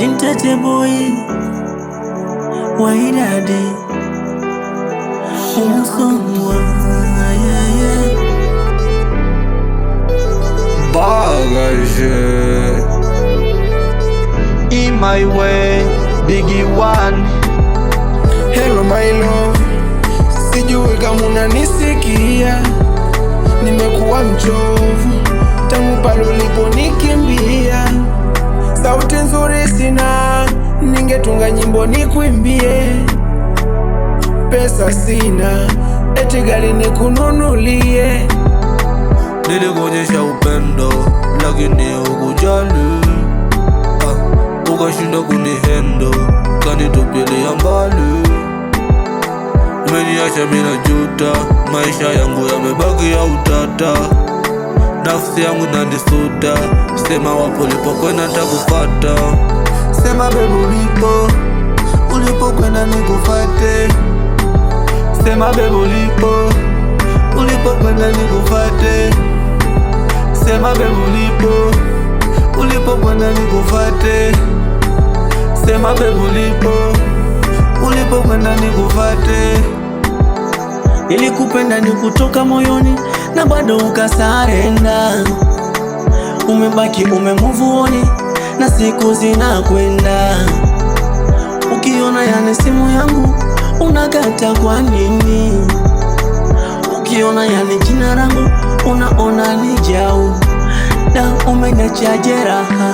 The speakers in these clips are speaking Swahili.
Nitaje boy wa idadi umsongwa yeah, yeah. Bagage In my way, biggie one Hello my love, sijui kama unanisikia, nimekuwa mchovu tangu pale uliponikimbia nyimbo nikuimbie, pesa sina, eti gari nikununulie. Nilikuonyesha upendo lakini ukujali, ah, ukashinda kunihendo, kanitupilia mbali. Umeniacha mina juta maisha yangu yamebaki ya utata, nafsi yangu inanisuta, sema wapo ulipokwenda nitakufuata. Sema baby lipo ulipokwenda nikufate, sema bebu ulipo, ulipokwenda nikufate, sema bebu ulipo, ulipokwenda nikufate, sema bebu ulipo, ulipokwenda nikufate. Nilikupenda ni kutoka moyoni na bado ukasarenda, umebaki umemuvuoni na siku zinakwenda na simu yangu unakata kwa nini? Ukiona yani jina langu unaona ni jau, da umeniacha jeraha,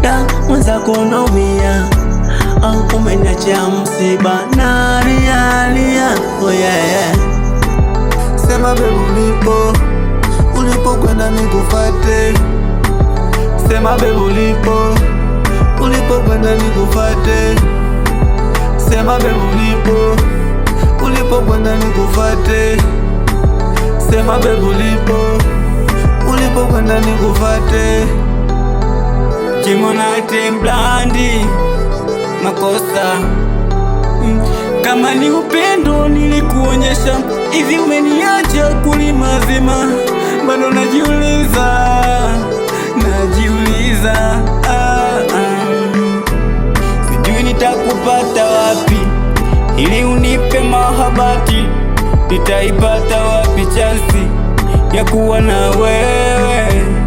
da mwenzako naumia, au ah, umeniacha msiba na rialia. Oh yeah, yeah. Sema bebu ulipo, ulipokwenda nikufate. Sema bebu Sema babe ulipo, ulipo kwenda nikufate. Sema babe ulipo, ulipo kwenda nikufate. Jimonate mblandi makosa kama ni upendo nilikuonyesha, hivi umeniacha kuli mazima, bado najiuliza, najiuliza ili unipe mahabati, nitaipata wapi chansi ya kuwa na wewe?